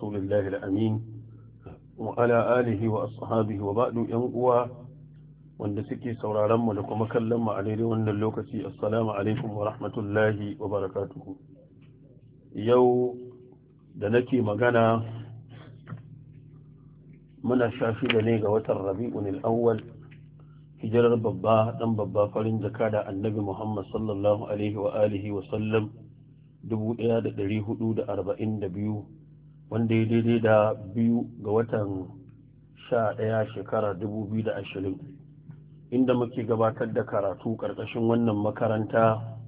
رسول الله الأمين وعلى آله وأصحابه وبعد ينقوى wanda suke sauraron mu da kuma kallon mu a daidai wannan lokaci assalamu alaikum wa rahmatullahi wa barakatuhu yau da nake magana muna sha shida ne ga watan rabi'un al hijirar babba dan babba farin jaka da annabi muhammad sallallahu alaihi wa alihi wa sallam wanda ya daidai da biyu ga watan sha ɗaya shekara dubu biyu da ashirin inda muke gabatar da karatu ƙarƙashin wannan makaranta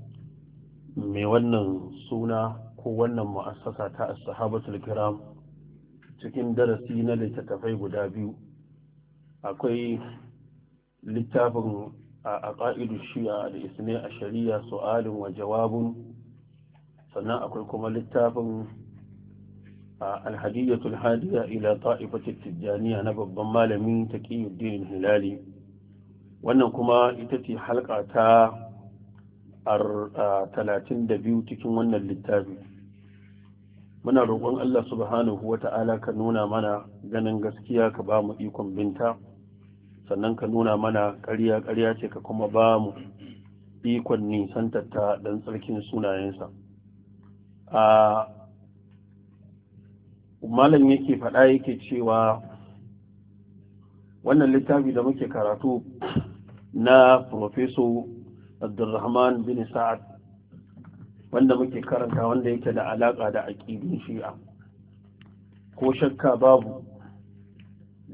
mai wannan suna ko wannan ma'asasa ta ashabatul kiram cikin darasi na littattafai guda biyu akwai littafin a ƙa'idu shi'a da isne a shari'a su'alin wa jawabun sannan akwai kuma littafin A الهدية الهادية إلى طائفة التجانية نبض مالمين تقي الدين hilali, wannan kuma ita ce halka ta biyu cikin wannan littafi muna roƙon Allah subhanahu wa ta'ala ka nuna mana ganin gaskiya ka bamu ikon binta sannan ka nuna mana ƙarya ƙarya ce ka kuma ba mu ikon nisantar ta don tsarkin sunayensa a malam yake faɗa yake cewa wannan littafi da muke karatu na profeso abdulrahman bin sa'ad wanda muke karanta wanda yake da alaƙa da aƙidin shi'a ko shakka babu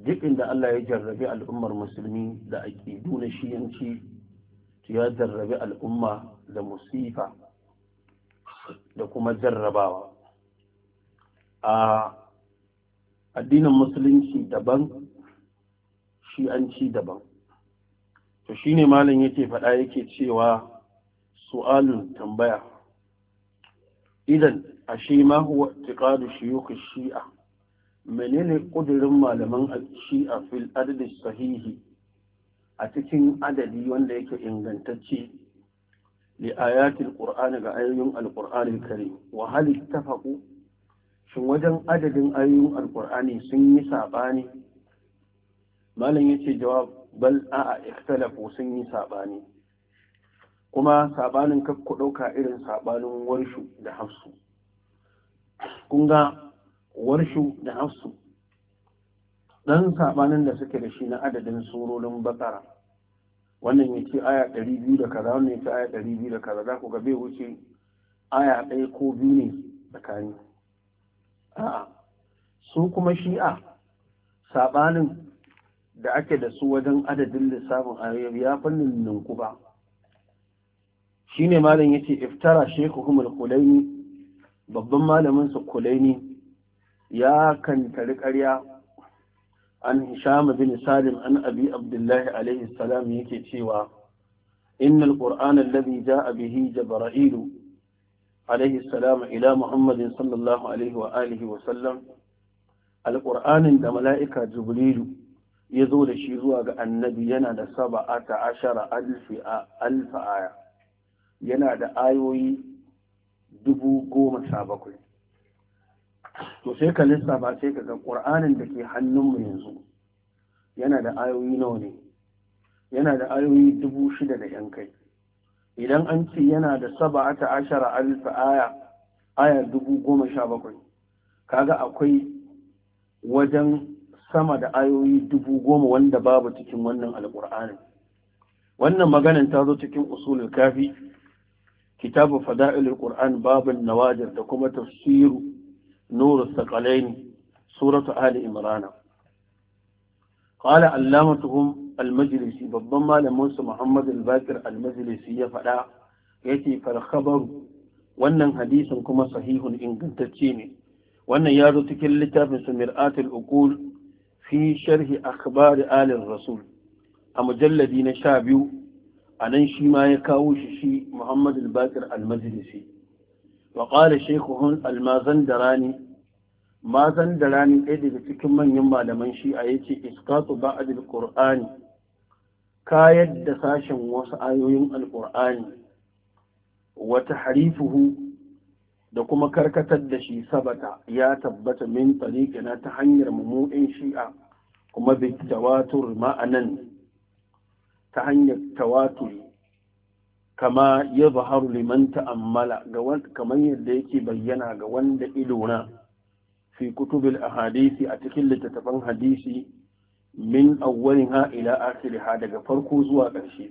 duk inda Allah ya jarrabi al'ummar musulmi da aƙidu na shiyanci ya jarrabi al'umma da musifa da kuma jarrabawa a addinin musulunci daban shi an ci daban to shine malam yake faɗa yake cewa su'alun tambaya idan a shi ma huwa tiƙadu shi'a menene ƙudurin malaman shi'a fil adadi sahihi a cikin adadi wanda yake ingantacce li ayatul qur'ani ga ayoyin alqur'ani karim wa hal ittafaqu shin wajen adadin ayoyin alkur'ani sun yi saɓani malam ya ce jawab bal a ikhtalafu sun yi saɓani kuma saɓanin kakku ku ɗauka irin saɓanin warshu da hafsu kun ga warshu da hafsu ɗan saɓanin da suke da shi na adadin surorin bakara wannan ya ce aya ɗari biyu da kaza wannan ya ce aya ɗari biyu da kaza za ku ga bai wuce aya ɗaya ko biyu ne tsakani a'a su kuma shi'a Saɓanin da ake da su wajen adadin lissafin ayoyi ya fannin ninku ba shine malam yace iftara shekuhum al-kulaini babban malamin sa kulaini ya kantari ƙarya an hisham bin salim an abi abdullahi alaihi salam yake cewa innal qur'ana alladhi ja'a bihi jibril عليه السلام ila muhammadin sallallahu alaihi عليه وآله wa القرآن عند da mala'ika jibrilu ya zo da shi zuwa ga annabi yana da saba'ata ashara dubu goma sha bakwai to sai ka lissafa sai ka ga ƙur'anin da ke hannunmu yanzu yana da ayoyi nawa ne yana da ayoyi dubu shida da yan kai idan an ce yana da ta ashara alfa aya aya dubu goma sha bakwai kaga akwai wajen sama da ayoyi dubu goma wanda babu cikin wannan alkur'ani wannan maganin ta zo cikin usulul kafi kitabu fada'ilul qur'an Babu nawajir da kuma tafsiru nuru saqalain suratu ali imran qala allamatuhum al babban malamin Muhammad al-Bakir al ya faɗa yace fal wannan hadisin kuma sahihun ingantacce ne wannan ya zo cikin littafin su Mir'atul Uqul fi sharhi akhbari alir rasul a mujalladi na sha biyu a nan shi ma ya kawo shi shi Muhammad al-Bakir al-Majlisi wa qala shaykhuhum mazan da rani ɗaya daga cikin manyan malaman shi'a ya ce iskatu ba'adil kayar da sashen wasu ayoyin alkur'ani wata harifuhu da kuma karkatar da shi sabata ya tabbata min tsarikina ta hanyar mummu'in shi'a kuma bi tawatur ma'anan ta hanyar tawaturi kama ya zaharu liman ta'ammala kamar yadda yake bayyana ga wanda idona fi kutubil hadisi a cikin littattafan hadisi min awwaliha ila akhiriha daga farko zuwa ƙarshe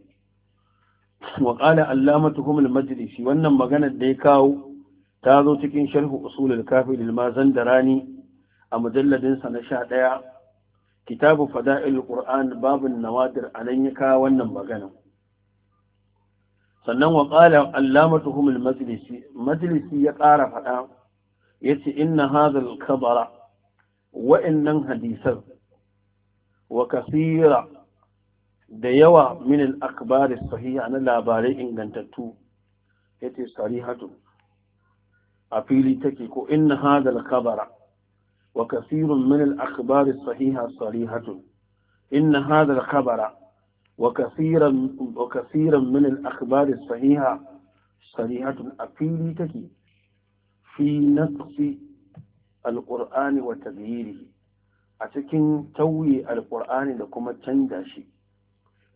wa qala allamatuhum al-majlisi wannan maganar da ya kawo ta zo cikin sharh usul al-kafi lil mazandarani a mujalladin sa na 11 kitabu fada'il qur'an babun nawadir anan ya kawo wannan magana sannan wa qala allamatuhum al-majlisi majlisi ya ƙara faɗa yace inna hadha al-khabara wa'annan hadisan wa da yawa min al sahiha na labarai ingantattu yace sarihatu a fili take ko inna hadha al-khabara wa kasirun min sahiha sarihatu inna hadha al-khabara wa kasiran wa kasiran min a fili take fi nafsi wa tabyiirihi a cikin tauye alƙur'ani da kuma canza shi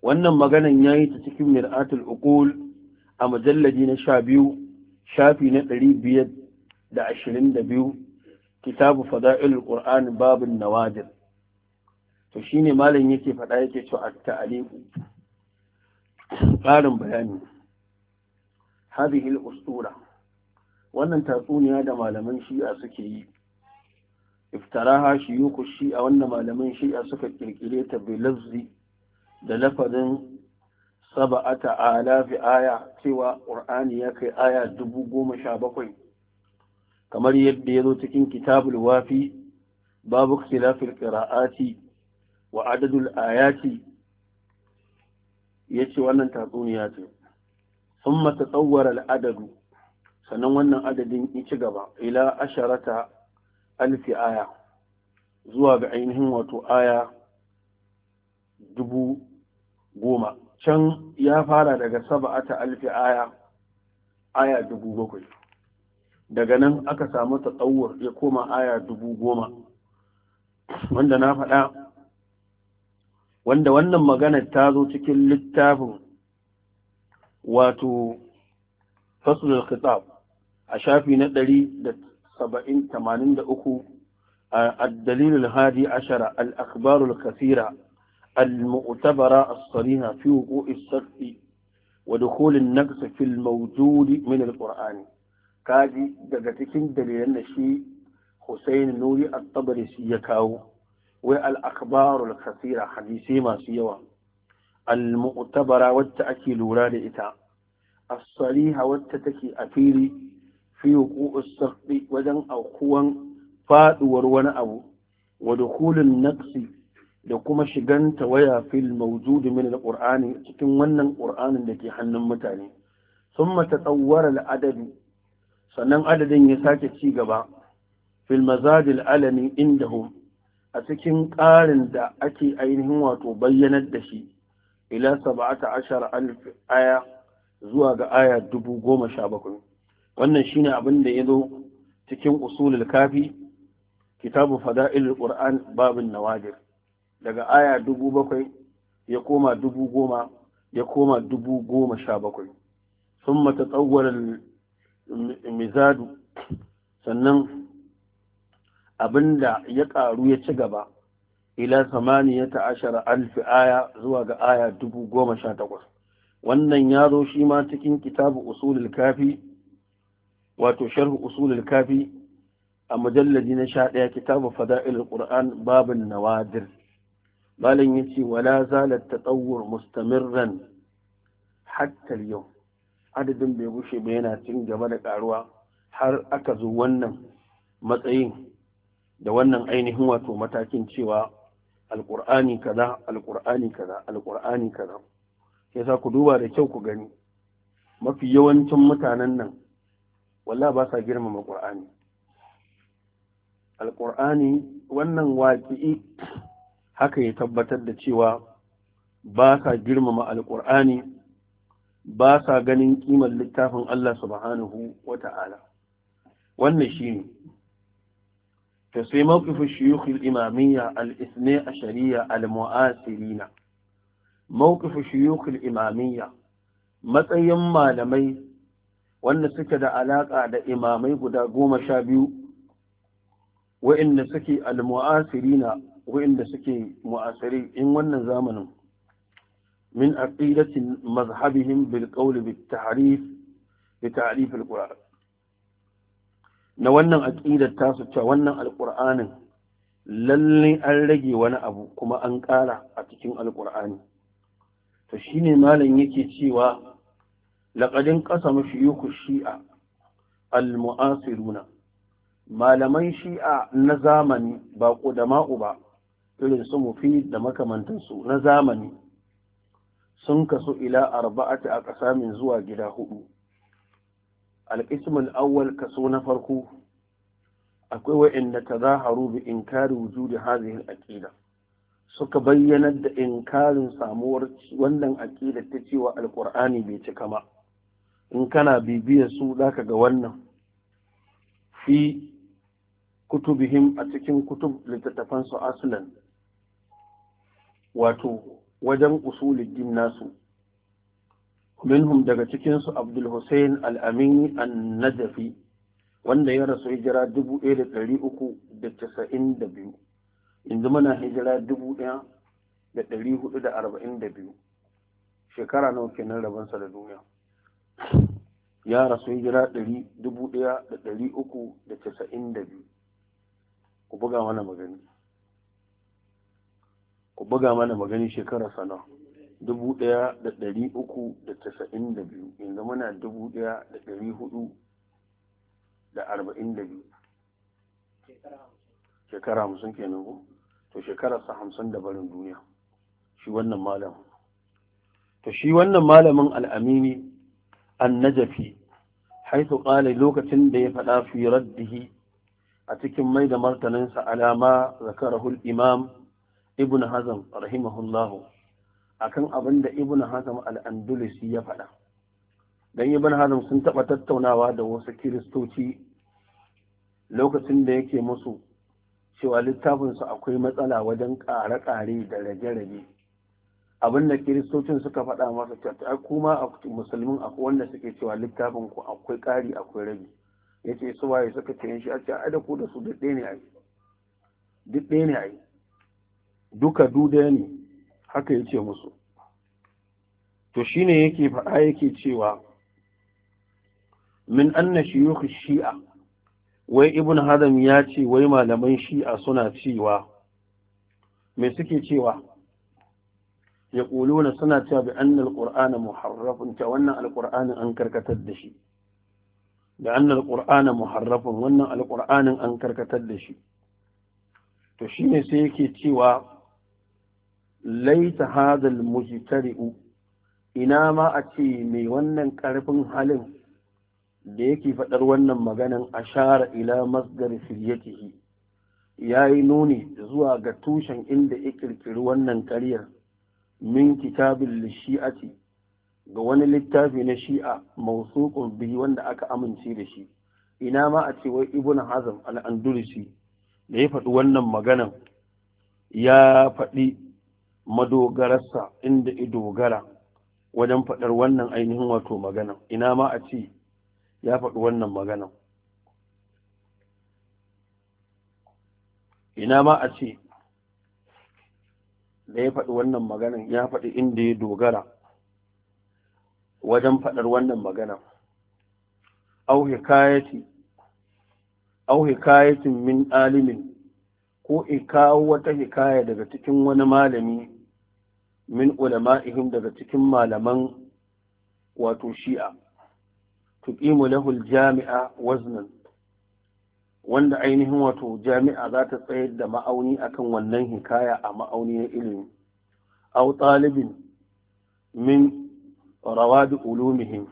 wannan maganan ya yi ta cikin mir'atul uqul a majalladi na sha biyu shafi na ɗari biyar da ashirin da biyu kitabu fada'il qur'an babin nawadir to shine malam yake faɗa yake to a taliqu ƙarin bayani hadhihi al usura wannan tatsuniya da malaman shi'a suke yi iftaraha shiyuku shi'a wannan malaman shi'a suka kirkire ta bilazzi da lafazin saba'ata alafi aya cewa qur'ani ya kai aya dubu goma sha bakwai kamar yadda ya zo cikin kitabul wafi babu khilafil qira'ati wa adadul ayati yace wannan tatsuniya ce summa tatawwara al adadu sannan wannan adadin ya ci gaba ila asharata alfi aya zuwa ga ainihin wato aya dubu goma can ya fara daga saba'ata alfi aya aya dubu bakwai daga nan aka samu tsawar ya koma aya dubu goma wanda na faɗa wanda wannan magana ta zo cikin littafin wato fasulul khitab a shafi na ɗari da saba'in tamanin da uku a dalilin hadi ashara al'akbarul kasira al-mu'tabara as-sariha fi wuku'i sarfi wa dukulin naqsa fil mawjudi min al-qur'an kaji daga cikin dalilan da shi Hussein Nuri at-Tabrisi ya kawo wai al-akbarul kasira hadisai masu yawa al-mu'tabara wacce ake lura da ita as-sariha wacce take a fili fi wuqu'us sakhbi wajen aukuwan faduwar wani abu wa dukhulun naqsi da kuma shigan tawaya fil mawjud min al-qur'ani cikin wannan qur'anin da ke hannun mutane sun tatawwara al-adad sannan adadin ya sake ci gaba fil mazad al-alami a cikin ƙarin da ake ainihin wato bayyanar da shi ila 17 alif aya zuwa ga aya bakwai. wannan shi ne abin da ya zo cikin usulul kafi kitabu fada'ilul qur'an babin nawadir daga aya dubu bakwai ya koma dubu goma ya koma dubu goma sha bakwai sun mata tsawwalar mizadu sannan abinda ya ƙaru ya ci gaba ila samaniya ta ashara alfi aya zuwa ga aya dubu goma sha takwas wannan ya zo shi ma cikin kitabu usulul kafi wato sharh usulul kafi a mujalladi na sha ɗaya kitabu fada'il qur'an babin nawadir malam yace wala zalat tatawur mustamirran hatta yau adadin bai gushe ba yana cin gaba da karuwa har aka zo wannan matsayin da wannan ainihin wato matakin cewa alqur'ani kaza alqur'ani kaza alqur'ani kaza yasa ku duba da kyau ku gani mafi yawancin mutanen nan Walla ba sa girmama ƙur'ani Alƙur'ani, wannan waqi'i haka ya tabbatar da cewa ba sa girmama Alƙur'ani, ba sa ganin ƙimar littafin Allah subhanahu wata'ala wannan shine Ta sai mawqifin shuyukh imamiyya al a Shari'a al-mu'asirina mawqif shuyukh imamiyya matsayin malamai wanda suke da alaƙa da imamai guda goma sha biyu wa'inda suke na wa'inda suke mu'asiri in wannan zamanin min aqidatin mazhabihim bil qawl bit tahrif bi ta'rif al qur'an na wannan aqidar tasu cewa wannan alqur'anin lalle an rage wani abu kuma an ƙara a cikin alqur'ani to shine malam yake cewa laƙadin ƙasa mashiyuku shi'a al-mu'asiruna malaman shi'a na zamani ba ƙudama'u ba irin su mufi da makamantansu na zamani sun kasu ila arba'ata a ƙasa min zuwa gida hudu alƙismin awwal kaso na farko akwai wa'inda ta zaharu bi inkari wujudi hazihin aƙida suka bayyanar da inkarin samuwar wannan aƙida ta cewa alƙur'ani bai cika ba in kana bibiyar su zaka ga wannan fi kutubihim a cikin kutub littattafan su asulan wato wajen usulin nasu minhum daga cikinsu abdul hussein al'amin an-najafi wanda ya rasu hijira 1392 yanzu muna hijira 1442 shekara nawa kenan rabansa da duniya ya rasu jira ɗari dubu ɗaya da ɗari uku da casa'in da biyu ku buga mana magani ku buga mana magani shekara sana dubu ɗaya da ɗari uku da casa'in da biyu yanzu muna dubu ɗaya da ɗari huɗu da arba'in da biyu shekara hamsin kenan ku to sa hamsin da barin duniya shi wannan malamin to shi wannan malamin al'amini annajafi haitu ƙale lokacin da ya faɗa fi raddihi a cikin mai da martaninsa alama zakarahul imam ibn hazam rahimahullahu akan abin da ibn hazam al'andulusi ya faɗa don ibn hazam sun taɓa tattaunawa da wasu kiristoci lokacin da yake musu cewa littafinsu akwai matsala wajen ƙare-ƙare da rage-rage abin da kiristocin suka faɗa masa cewa kuma a musulmin akwai wanda suke cewa littafin ku akwai ƙari akwai rabi ya ce su waye suka ce shi a ce a da ku da su duk ɗaya ne yi duk ɗaya ne a yi. duka duda ne haka ya ce musu to shi ne yake faɗa yake cewa min anna shiyukh shi'a wai ibn hadam ya ce wai malaman shi'a suna cewa me suke cewa yaquluna suna cewa bi anna muharrafun ta wannan alqur'anin an karkatar da shi da anna muharrafun wannan alqur'anin an karkatar da shi to shine sai yake cewa laita hadal almujtari'u ina ma a ce mai wannan karfin halin da yake faɗar wannan maganan ashara ila masdar firyatihi ya yi nuni zuwa ga tushen inda ya ƙirƙiri wannan ƙaryar min kitabin lishi'ati ga wani littafi na shi'a mausuqun bihi wanda aka amince da shi ina ma a ce wai ibn hazm al-andalusi da ya faɗi wannan maganan ya faɗi madogararsa inda i dogara wajen faɗar wannan ainihin wato maganan ina ma a ce ya faɗi wannan maganan ina ma a ce da ya faɗi wannan maganan ya faɗi inda ya dogara wajen faɗar wannan magana au hikayati au min alimin ko kawo wata hikaya daga cikin wani malami min ulama'ihim daga cikin malaman wato shi'a tuqimu lahul jami'a waznan wanda ainihin wato jami'a za ta tsayar da ma'auni akan wannan hikaya a ma'auni na ilimi aw talibin min rawadi ulumihim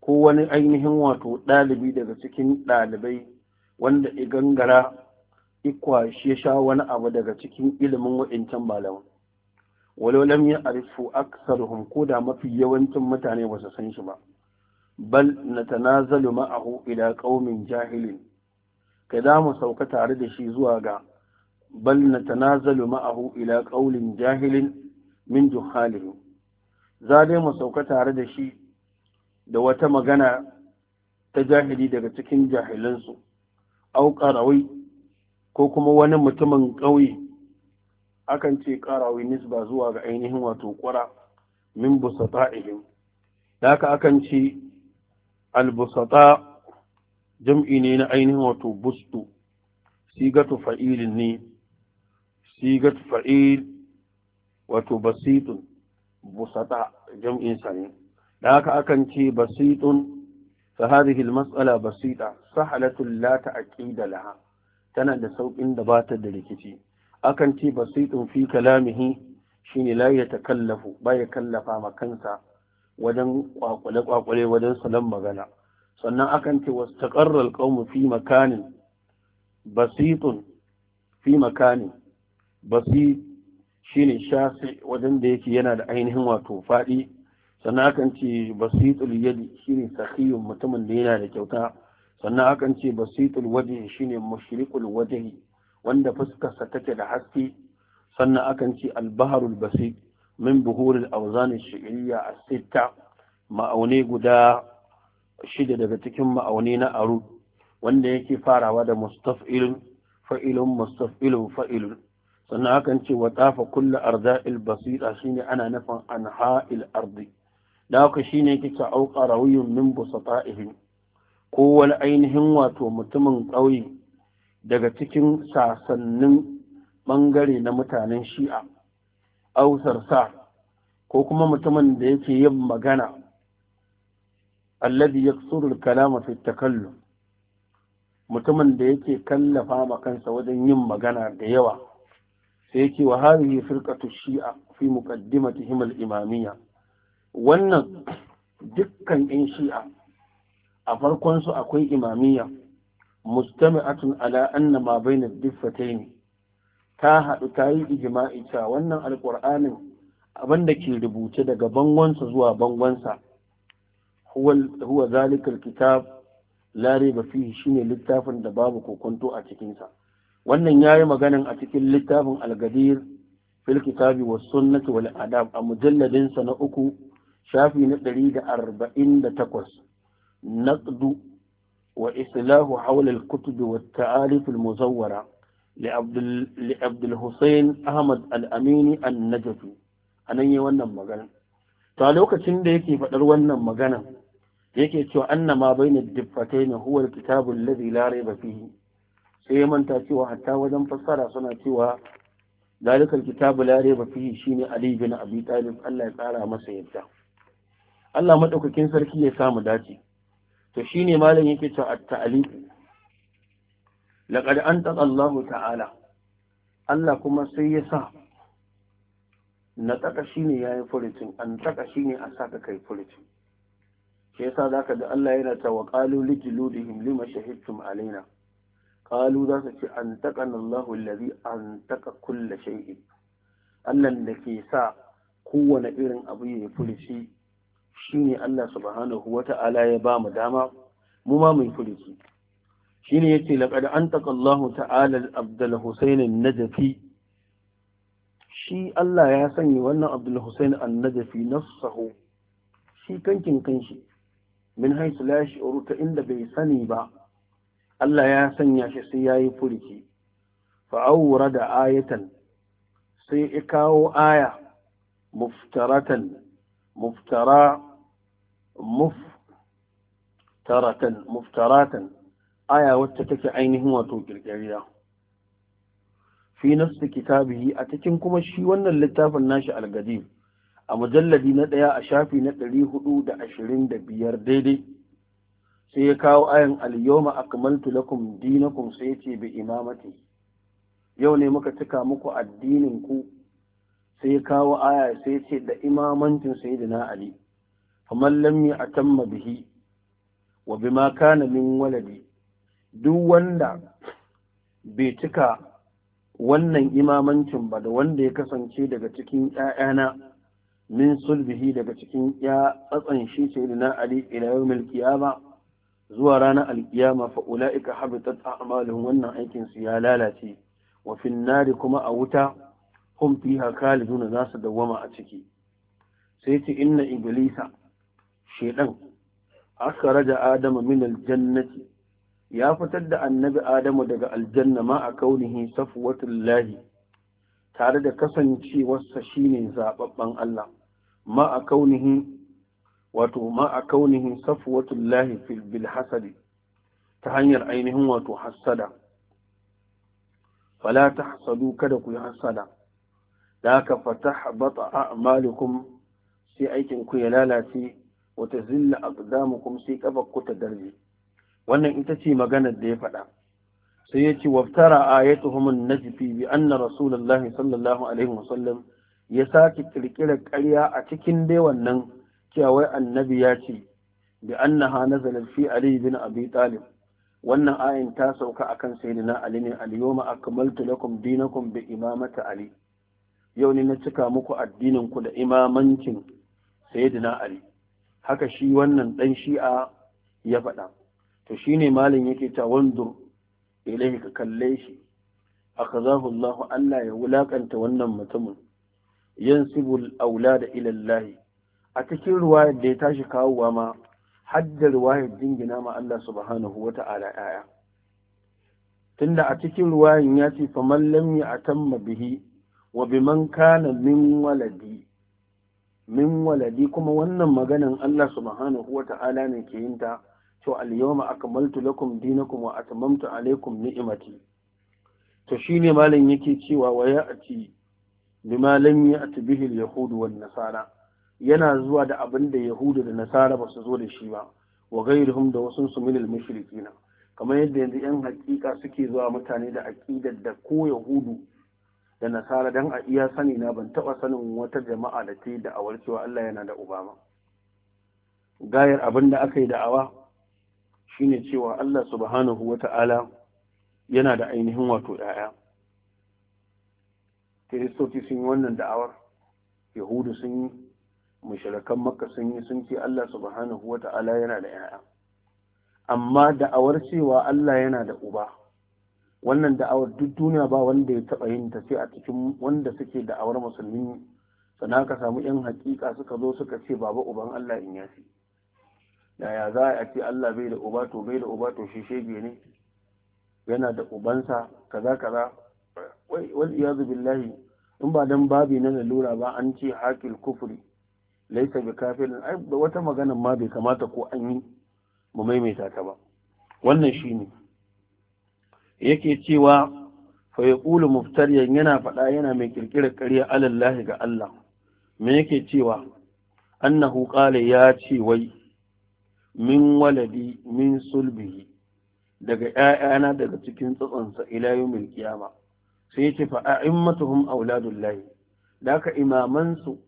ko wani ainihin wato ɗalibi daga cikin ɗalibai wanda i gangara ikwashi ya sha wani abu daga cikin ilimin wa'incan malamu walau lam ya arifu aksaruhum ko da mafi yawancin mutane ba su san shi ba bal natanazalu ma'ahu ila qaumin jahilin ka da mu sauka tare da shi zuwa ga bal natanazalu ma'ahu ila qaulin jahilin min juhalihim za dai mu sauka tare da shi da wata magana ta jahili daga cikin jahilansu au ƙarawai ko kuma wani mutumin ƙauye akan ce ƙarawai nisba zuwa ga ainihin wato ƙura min busata'ihim da haka akan ce albusata jam'i ne na ainihin wato bustu sigatu fa'ilin ne sigatu fa'il busata jam'in da haka akan ce basitun fa hadhihi almas'ala basita sahalatul la ta'qida laha tana da sauƙin da bata da rikici akan ce basitun fi kalamihi shine la yatakallafu ba ya kallafa ma kansa wajen kwakwale-kwakwale wajen salon magana sannan akan ce wasu taƙarar ƙaunmu fi makanin basitun fi makanin Basit shi ne shasi wajen da yake yana da ainihin wato faɗi sannan akan ce basitul yadi shi ne sahiyun mutumin da yana da kyauta sannan akan ce basitul waje shi ne mushrikul waje wanda fuskarsa take da haske sannan akan ce albaharul basit min buhuril auzani shi'iriya a sitta ma'auni guda shida daga cikin ma'auni na aru wanda yake farawa da mustaf'ilun fa'ilun mustaf'ilun fa'ilun sannan hakan ce wa tafa kulla arza'il basira shine ana nufin anha'il ardi da haka shine kika auka rawiyun min busata'ihim ko wani ainihin wato mutumin ƙauye daga cikin sasannin ɓangare na mutanen shi'a ausar sa ko kuma mutumin da yake yin magana alladhi yaksuru al-kalama fi takallum mutumin da yake kallafa ma kansa wajen yin magana da yawa sai yake wa hadhihi firqatu shi'a fi muqaddimatihim al-imamiyya wannan dukkan yan shi'a a farkon su akwai imamiyya mustami'atun ala anna ma bayna ad-diffatayn ta haɗu ta yi ijma'i cewa wannan alƙur'anin abin da ke rubuce daga bangonsa zuwa bangonsa huwa zalikal kitab la riba shi shine littafin da babu kokonto a cikinsa wannan yayi maganan a cikin littafin al fil kitabi was sunnati wal adab a mujalladin sa na uku shafi na ɗari da da arba'in takwas naqdu wa islahu hawla kutubi wa ta'alifil muzawwara لعبد الحسين أحمد الأميني النجفي أنا يوانا مغانا تعلوك تنديك فأروانا مغانا yake cewa Annama ma bainad diffatayn huwa alkitab alladhi la rayba fihi sai ya manta cewa hatta wajen fassara suna cewa dalika alkitab la rayba fihi shine ali bin abi talib Allah ya tsara masa yadda Allah maɗaukakin sarki ya samu dace to shine malam yake cewa at-ta'liq laqad antaqa Allah ta'ala Allah kuma sai ya sa na taka ya yayi furucin an taka ne a ka kai furucin shi za zaka da Allah yana ta wa qalu lijludihim himli shahidtum alaina ƙalu za su ce an taqana Allah allazi an taka kulli shay'in Allah da ke sa kowane irin abu ya shi ne Allah subhanahu Ta'ala ya ba mu dama mu ma mu furuci shine yace laqad antaka ta'ala Abdul Husayn an-Najfi shi Allah ya sanya wannan Abdul Husayn an-Najfi nafsahu shi kankin kanshi min haisu la shi'uru ta inda bai sani ba Allah ya sanya shi sai yayi furki fa awra da ayatan sai ya kawo aya muftaratan muftara muftaratan muftaratan aya wacce take ainihin wato kirkiriya fi nafsi kitabihi a cikin kuma shi wannan littafin nashi algadi a mujalladi na ɗaya a shafi na ɗari hudu da ashirin da biyar daidai sai ya kawo ayan al-yawma akmaltu lakum dinakum sai ya ce bi imamati yau ne muka cika muku addinin ku sai ya kawo aya sai ya ce da imamancin sayyidina ali faman mi atamma bihi wa bima kana min waladi duk wanda bai cika wannan imamancin ba da wanda ya kasance daga cikin ‘ya'yana min sulbihi daga cikin ya tsatsan shi sai na Ali ila yawmil qiyama zuwa ranar alkiyama fa ulaika habitat a'maluhum wannan aikin su ya lalace wa fin nari kuma a wuta hum fiha khaliduna za su dawwama a ciki sai ce inna iblisa shedan akhraja adama min aljannati ya fitar da annabi Adamu daga aljanna ma a kaunihi safwatul lahi tare da kasancewarsa shine zababban Allah ma a kaunihi wato ma a kaunihi lahi fil hasadi ta hanyar ainihin wato hasada fala tahsadu kada ku yi hasada da haka a a'malukum sai aikin ku ya lalace wata zilla kum sai kafa ku ta darje wannan ita ce maganar da ya faɗa sai ya ce waftara na jifi. bi na rasulullahi sallallahu alaihi wasallam ya sake kirkira ƙarya a cikin dai wannan cewa annabi ya ce bi na nazalat fi ali bin abi talib wannan ayin ta sauka akan sayyidina ali ne al a akmaltu lakum dinakum bi imamata ali yau ne na cika muku addinin ku da imamancin sayyidina ali haka shi wannan dan shi'a ya faɗa to shine malin yake ta wandur ilaihi ka kalle shi akazahu Allah Allah ya wulakanta wannan mutumin yansibul aulada da ilallahi. a cikin ruwayar da ya tashi kawowa ma hadda ruwayar dingina ma Allah subhanahu Ta'ala aya tunda a cikin ruwayar ya ce man lam ya atamma bihi wa biman kana min waladi min waladi kuma wannan maganan Allah subhanahu Ta'ala ne ke yin ta to al-yawma akmaltu lakum dinakum wa atmamtu alaykum ni'mati to shine malam yake cewa wa ya'ti bima lam ya'ti bihi al-yahud nasara yana zuwa da abin da yahudu da nasara ba su zo da shi ba wa ghayruhum da wasun su min al-mushrikin kamar yadda yanzu yan hakika suke zuwa mutane da aqidar da ko yahudu da nasara dan a iya sani na ban taba sanin wata jama'a da ta yi da'awar cewa Allah yana da uba ba gayar abin da aka yi da'awa shine cewa Allah subhanahu wa ta'ala yana da ainihin wato ‘ya'ya. Kiristoci sun yi wannan da'awar, Yahudu sun yi, mashirakan Makka sun yi sun ce Allah subhanahu wa ta'ala yana da ‘ya'ya. Amma da'awar cewa Allah yana da uba, wannan da'awar duk duniya ba wanda ya taɓa yin ta ce a cikin wanda suke da'awar musulmi, sana ka samu ‘yan hakika suka zo suka ce baba uban Allah in yafi. yaya za a ce Allah bai da uba to bai da uba to shi shege ne yana da ubansa kaza kaza wal iyazu billahi in ba dan babi na lalura ba an ce hakil kufri laisa bi kafirin ai wata magana ma bai kamata ko an yi mu maimaita ta ba wannan shine yake cewa fa yaqulu muftariyan yana faɗa yana mai kirkirar ƙarya alallahi ga Allah me yake cewa annahu qala ya ce wai min waladi min sulbihi daga ‘ya'yana daga cikin tsatsonsa ila yawmin kiyama sai ya ce fa'a'immatuhum auladullahi da haka imamansu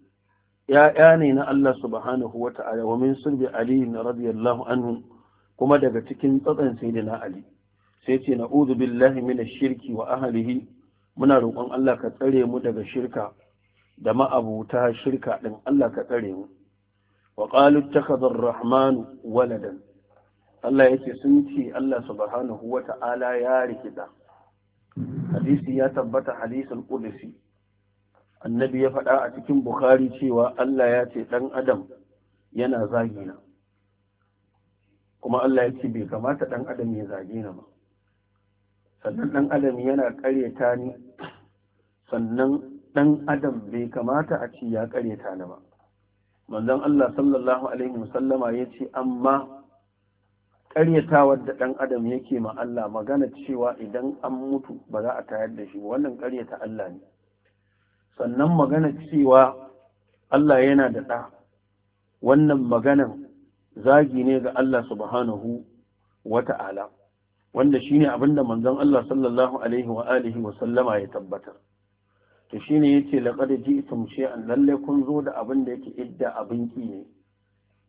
‘ya'ya ne na Allah subhanahu wa ta'ala wa min sulbi Ali na radiyallahu anhu kuma daga cikin tsatsan na Ali sai ce na'udhu billahi minash shirki wa ahlihi muna roƙon Allah ka tsare mu daga shirka da ma'abuta shirka din Allah ka tsare mu wa qalu ittakhadha ar-rahman waladan Allah yake sun ce Allah subhanahu wa ta'ala ya rikida hadisi ya tabbata hadisul qudsi annabi ya faɗa a cikin bukhari cewa Allah ya ce dan adam yana zagina kuma Allah ya ce bai kamata dan adam ya zagina ba sannan ɗan adam yana ƙaryata ni sannan ɗan adam bai kamata a ci ya ƙaryata ni ba manzon Allah sallallahu alaihi wasallama ya ce amma ƙaryatawar da ɗan adam yake ma Allah magana cewa idan an mutu ba za a tayar da shi wannan ƙaryata Allah ne sannan magana cewa Allah yana da ɗa wannan maganan zagi ne ga Allah subhanahu wa ta'ala wanda shine abinda manzon Allah sallallahu alaihi wa sallama ya tabbatar to shine yace laqad ji'tum shay'an lallai kun zo da abin da yake idda abin ki ne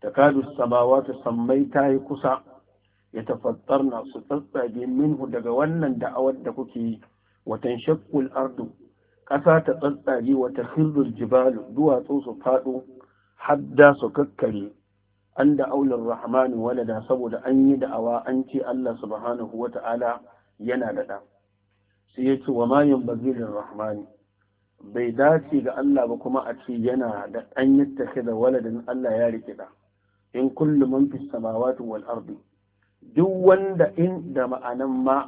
takadu ta sammai ta yi kusa ya na su tsatsage minhu daga wannan da'awar da kuke yi Watan tanshaqqul ardu ƙasa ta tsatsage wa takhirrul jibalu duwatsu su faɗo hadda su kakkare an da aular rahmani walada saboda an yi da'awa an ce Allah subhanahu wa ta'ala yana da ɗa sai ya ce wa mayan bazirin rahmani bai dace ga Allah ba kuma a ce yana da an yattake da waladin Allah ya rikida in kullu man fi samawati wal ardi duk wanda in da ma'anan ma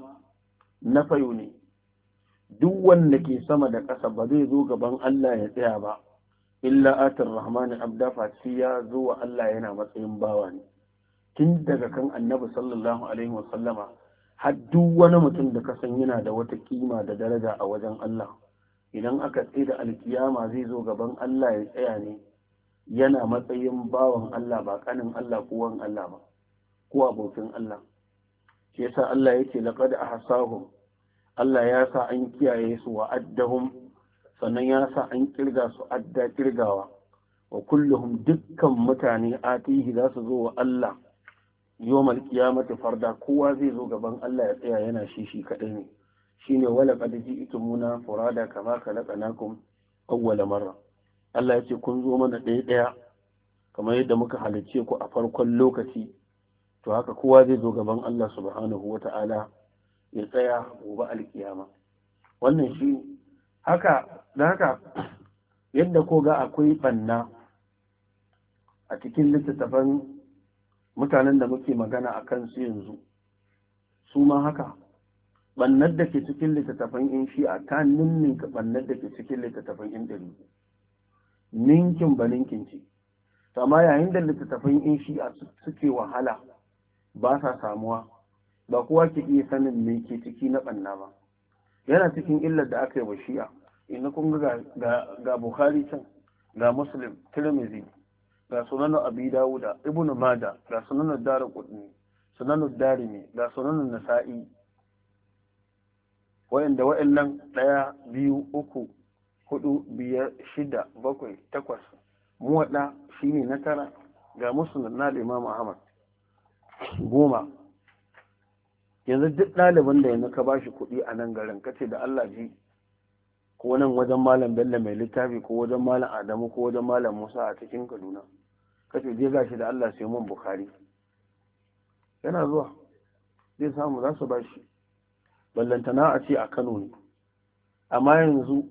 na fayo ne duk wanda ke sama da ƙasa ba zai zo gaban Allah ya tsaya ba illa atar rahmani abda Fatiya ya zo wa Allah yana matsayin bawa ne tun daga kan annabi sallallahu alaihi wasallama har duk wani mutum da kasan yana da wata kima da daraja a wajen Allah idan aka tsaye da alkiyama zai zo gaban Allah ya tsaya ne yana matsayin bawan Allah ba kanin Allah ko wan Allah ba ko abokin Allah shi yasa Allah yake laqad ahsahum Allah ya sa an kiyaye su wa addahum sannan ya sa an kirga su adda kirgawa wa kulluhum dukkan mutane atihi za su zo wa Allah yawmal qiyamati farda kowa zai zo gaban Allah ya tsaya yana shi shi kadai ne shine wala qadji itumuna furada kama khalaqnakum awwala marra Allah yace kun zo mana ɗaya ɗaya kamar yadda muka halicce ku a farkon lokaci to haka kowa zai zo gaban Allah subhanahu wata'ala ya tsaya gobe alkiyama wannan shi haka da haka yadda ko ga akwai banna a cikin littattafan mutanen da muke magana a su yanzu su ma haka bannar da ke cikin littattafan shi shi'a ta ninninka bannar da ke cikin littattafan in ɗari ninkin ba ninkin ce amma yayin da littattafan shi shi'a suke wahala ba sa samuwa ba kowa ke iya sanin me ke ciki na banna ba yana cikin illar da aka yi wa shi'a Ina kun ga ga bukhari can ga muslim tirmidhi ga sunan abi dawuda ibnu mada ga sunan daru qudni Dari darimi ga sunan nasa'i wayanda wayannan ɗaya biyu uku hudu biyar shida bakwai takwas muwaɗa shine na tara ga musulun na imam ahmad goma yanzu duk ɗaliban da yanzu ka ba shi kuɗi a nan garin kace da allah ji ko nan wajen malam bello mai littafi ko wajen malam adamu ko wajen malam musa a cikin kaduna kace je ga shi da allah sai mun bukari yana zuwa zai samu za su ba shi ballantana a ce a Kano ne amma yanzu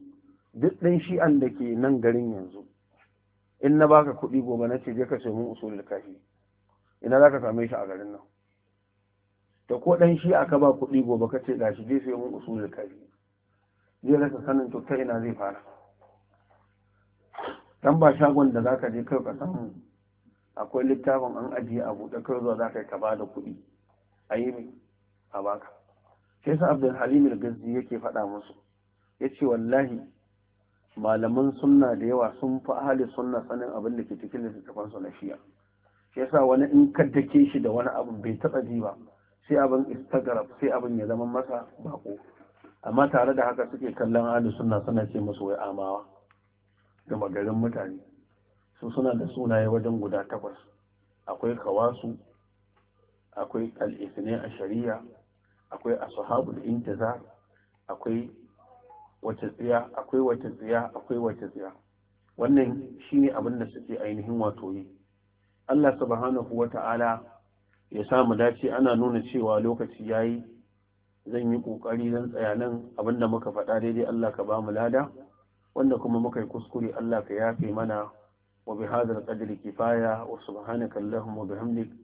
duk ɗan shi'an da ke nan garin yanzu in na baka kuɗi gobe na ce je ka mun usulul kafi ina za ka same shi a garin nan da ko ɗan shi aka ba kuɗi gobe ka ce gashi je mun usulul kafi je ka sanin to ta ina zai fara dan ba shagon da zaka je kai ka samu akwai littafin an ajiye a buɗe kai zuwa zaka yi ka bada kuɗi a yi a baka sai sa abdul halim al yake faɗa musu yace wallahi malaman sunna da yawa sun fi ahli sunna sanin abin da ke cikin littattafan su na shi'a ya sa wani in ka shi da wani abu bai taba ji ba sai abin istagrab sai abin ya zama masa bako amma tare da haka suke kallon ahli sunna suna ce musu wai amawa da magarin mutane su suna da sunaye wajen guda takwas akwai kawasu akwai al a shari'a akwai ashabul intizar akwai wata tsiya akwai wata tsiya akwai wata tsiya wannan shine abin da suke ainihin wato yi Allah subhanahu wata'ala ya sa mu dace ana nuna cewa lokaci yayi zan yi kokari zan tsaya nan abinda muka faɗa daidai Allah ka bamu lada wanda kuma muka yi kuskure Allah ka yafe mana wa bihadhal qadri kifaya wa subhanaka allahumma bihamdika